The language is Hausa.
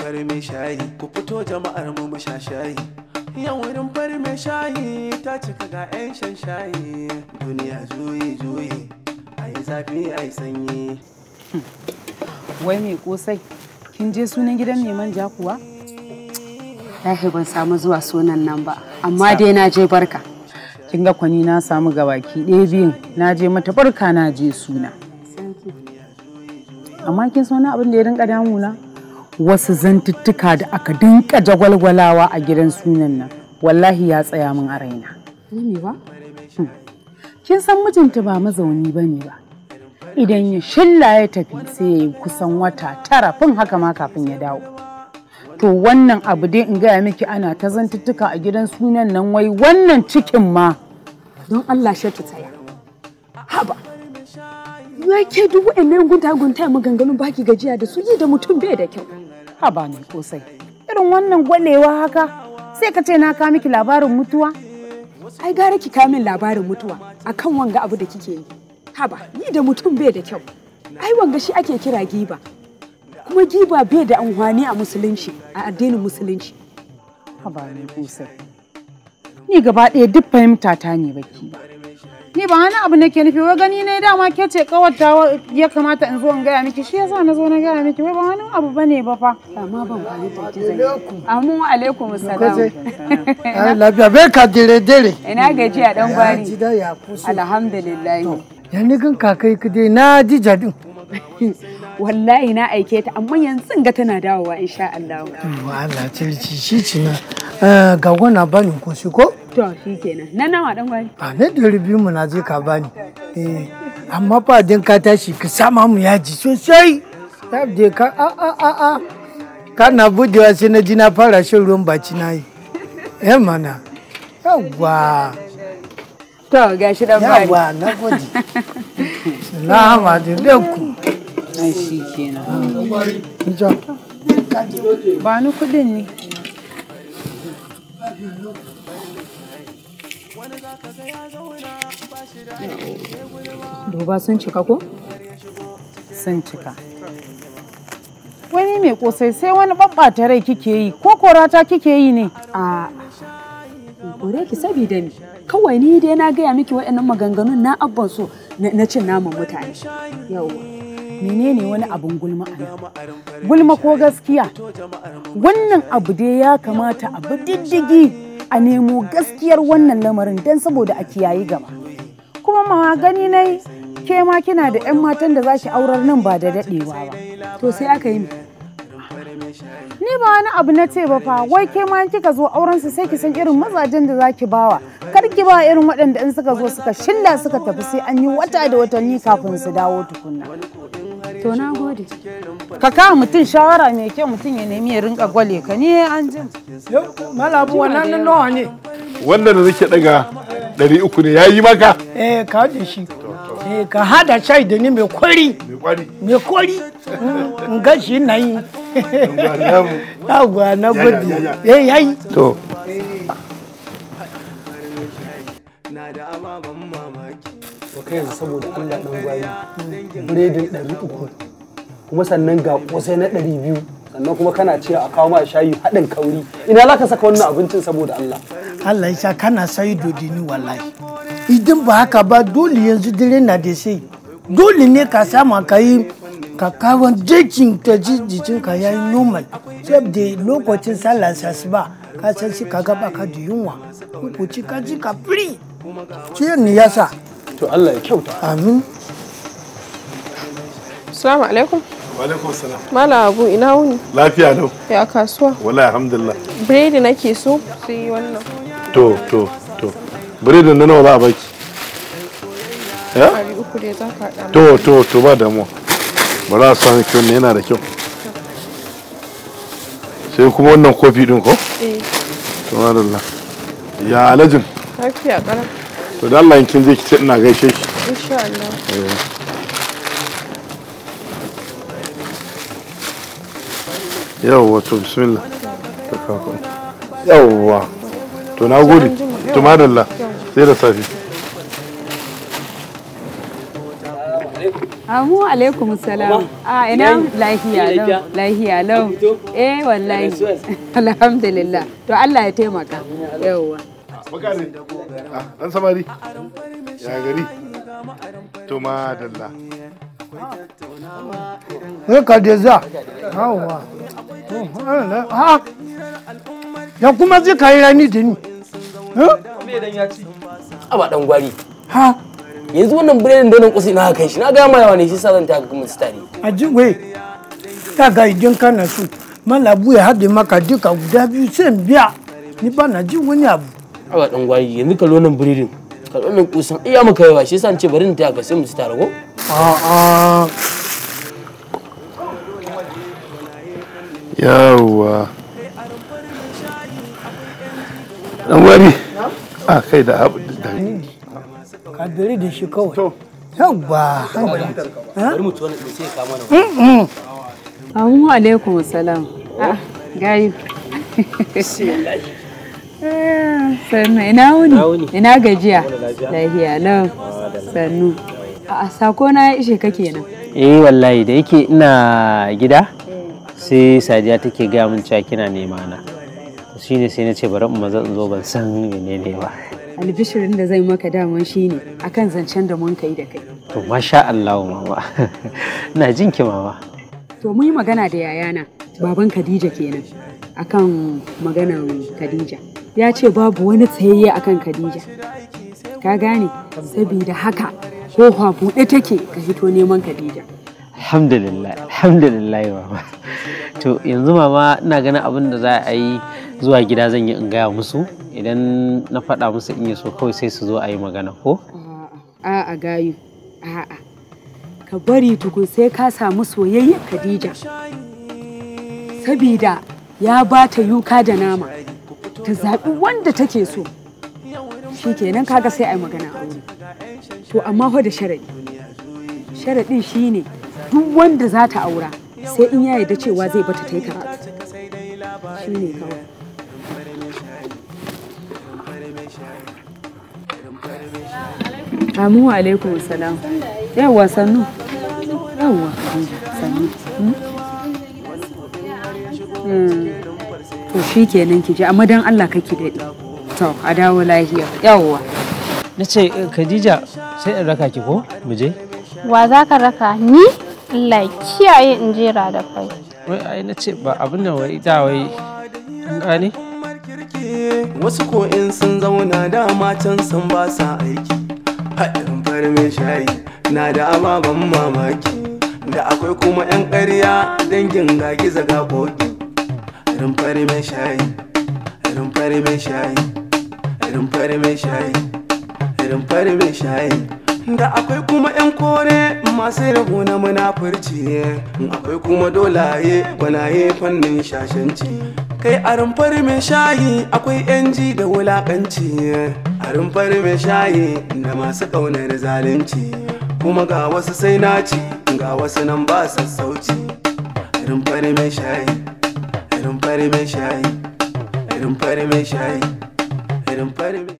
rumfar mai shayi ku fito jama'ar mu mu sha shayi yau rumfar mai shayi ta cika ga 'yan shan shayi duniya juyi juyi a yi zafi a yi sanyi wai mai kosai kin je sunan gidan neman ja kuwa lahi ban samu zuwa sunan nan ba amma dai na je barka kin ga kwani na samu gabaki ɗaya biyun na je mata barka na je suna amma kin na abin da ya rinka damuna wasu zantuttuka da aka dinka jagwalgwalawa a gidan sunan nan wallahi ya tsaya min a raina. Hmm. Kin san mijinta ba mazauni ba ne ba. Idan ya shilla ya tafi sai ya yi kusan wata tara fin haka ma kafin ya dawo. To wannan abu dai in gaya miki ana ta zantuttuka a gidan sunan nan wai wannan cikin ma. Don Allah shi Haba. Ya ke duk wa'annan gunta-gunta maganganun baki gajiya da su yi da mutum bai da kyau. haba kosai irin wannan gwalewa haka sai ka ce na ka miki labarin mutuwa ai gara ki ka min labarin mutuwa akan wanga abu da kike yi haba yi da mutum bai da kyau ai wanga shi ake kira giba kuma giba bai da amfani a musulunci a addinin musulunci haba kosai ni gaba ɗaya duk fahimta ta ne baki Ni ba wani abu nake nufi wai gani ne dama ke ce ta ya kamata in zo in gaya miki shi yasa na zo na gaya miki wai ba wani abu bane ba fa. Amma ban fahimta ki zai. Amu alaikum salam. Ai lafiya bai ka dire dire. Ina a dan gwari. Alhamdulillah. Ya ni kan kakai ka dai na ji jadin. Wallahi na aike ta amma yanzu ga tana dawowa insha Allah. Wa Allah ci shi cina na eh, ga gwana bani ko shi ko? To shi kenan. Na nawa dan gwari? A na da rubin mu na je ka bani. Eh amma fa din ka tashi ka sama mu yaji sosai. Ta je ka a a a a. Kana budewa sai na ji na fara shan ruwan baci yi. Eh mana. Yawwa. To gashi dan gwari. Yawwa na gode. Salama ku. Ai shi kenan. Ba ni kudin ne. Duba sun cika ko? Sun cika. Wani mai kosai sai wani babbata rai kike yi ko korata kike yi ne? A kore ki sabida ni. Kawai ni dai na gaya miki waɗannan maganganun na abban so na cin naman mutane. mene menene wani abun gulma a Gulma ko gaskiya? Wannan abu dai ya kamata a bi diddigi a nemo gaskiyar wannan lamarin don saboda a kiyaye gaba kuma ma gani nai ke ma kina da 'yan matan da za shi aurar nan ba da daɗewa ba to sai aka yi ni ba wani abu na ce ba fa wai ke ma kika zo auren su sai ki san irin mazajen da zaki bawa kar ki ba irin waɗanda in suka zo suka shilla suka tafi sai an yi wata da watanni kafin su dawo tukunna To na gode. Ka kawo mutum shawara mai kyau mutum ya nemi ya rinka gwale ka ne an jin. Malabu wannan nan nawa ne. Wannan da zake daga ɗari uku ne ya yi maka. Eh ka haɗa shi. Eh ka haɗa shayi da ni mai kwari. Mai kwari. Mm, in ga shi na yi. Yawwa na gode. Eh ya yi. To. Na da ababen mamaki. ka yanzu saboda Allah ɗan gwari biredin ɗari uku kuma sannan ga kosai na ɗari biyu sannan kuma kana cewa a kawo ma shayi haɗin kauri ina za ka saka wannan abincin saboda Allah Allah ya sa kana sayi dodini wallahi idan ba haka ba dole yanzu dare na da sai dole ne ka sama ka yi kawo jikin ta jikin ka ya yi normal sai da lokacin sallah sasba ka san shi ka gaba ka da yunwa ko ci ka ji ka firi ciyar ya yasa to Allah ya kyauta amin assalamu alaikum wa alaikum salam mala abu ina wuni lafiya lau ya kasuwa wallahi alhamdulillah biredi nake so sai wannan to to to biredin na nawa za a baki ya to to to ba damuwa za su sami kyau ne yana da kyau sai kuma wannan kofi din ko? eh to ya alajin lafiya to da Allah yankin zai kice ina gaishe ki insha Allah eh. yawwa to bismillah yawwa to na gode to madalla sai da safi Amu ah, alaikum salam. A ah, ina lahiya lau, lahiya lau. Eh wallahi. Alhamdulillah. To Allah ya taimaka. Yawwa. Bukari. Dan ah, samari. Ya gari. To ma dalla. Wai ka da Hawa. Ha. Ya kuma zai kai rani da ni. Me dan ya ci? Aba dan gwari. Ha. Yanzu wannan biredin da nan kusi na kai shi na ga mai wani shi sa zan taka kuma stari. Aji we. Ta ga idan kana su. malabu ya hadi maka duka guda biyu sai biya ni ba na ji wani abu awa dan gwayi yanzu kallo nan biredin kallo nan kusan iya maka yawa shi yasa ce bari in taya ka sai mu ci tare ko a yawa dan gwabi a kai da abu da ka dare da shi kawai to yawa bari mu tona sai ka mana Assalamu alaikum assalam Ah, gayu. sannu ina wuni ina gajiya lafiya lau sannu a sako na ya ishe kake nan eh wallahi da yake ina gida sai sadiya take gaya min cewa kina nema na shine sai na ce bari in maza in zo ban san menene ba albishirin da zai maka daman shine akan zancen da mun kai da kai to masha Allah mama ina jin ki mama to mun yi magana da yayana baban Khadija kenan akan maganar Khadija ya ce babu wani tsayayye kan Khadija. Ka gane, saboda haka ko buɗe take ka fito neman Khadija. Alhamdulillah, alhamdulillah mama. To yanzu mama ina ganin abin da za a yi zuwa gida zan yi in gaya musu idan na faɗa musu in yi so kawai sai su zo a yi magana ko? A'a gayu, a'a. Ka bari tukun sai ka samu soyayyar Khadija. Sabida ya ba ta yuka da nama. ta zaɓi wanda take so shi kenan kaga sai a yi magana aure to amma fa da sharaɗi sharaɗin shi ne duk wanda za ta aura sai in ya yarda cewa zai bata ta yi karatu shi ne kawai wa alaikum salam. Yawwa sannu. Yawwa sannu. Hmm? Hmm. to shi kenan ki je amma dan Allah kake daɗi to a dawo lafiya yawwa na ce eh, khadija sai in raka ki ko mu je wa za ka raka ni Allah kiyaye in jera da kai wai ai na ce ba abin da wai da wai an gane wasu ko in sun zauna da matan sun ba sa aiki haɗin farme shayi na da ababen mamaki da akwai kuma 'yan ƙarya dangin gizo ga bogi rumfar mai shayi rumfar da akwai kuma yan kore masu rago na munafurci akwai kuma dolaye gwanaye fannin shashanci kai a rumfar mai shayi akwai yan ji da wulakanci a rumfar mai shayi da masu ƙaunar zalunci kuma ga wasu sai naci ga wasu nan ba sassauci rumfar mai shayi fari mai shayi irin fari mai shayi irin fari mai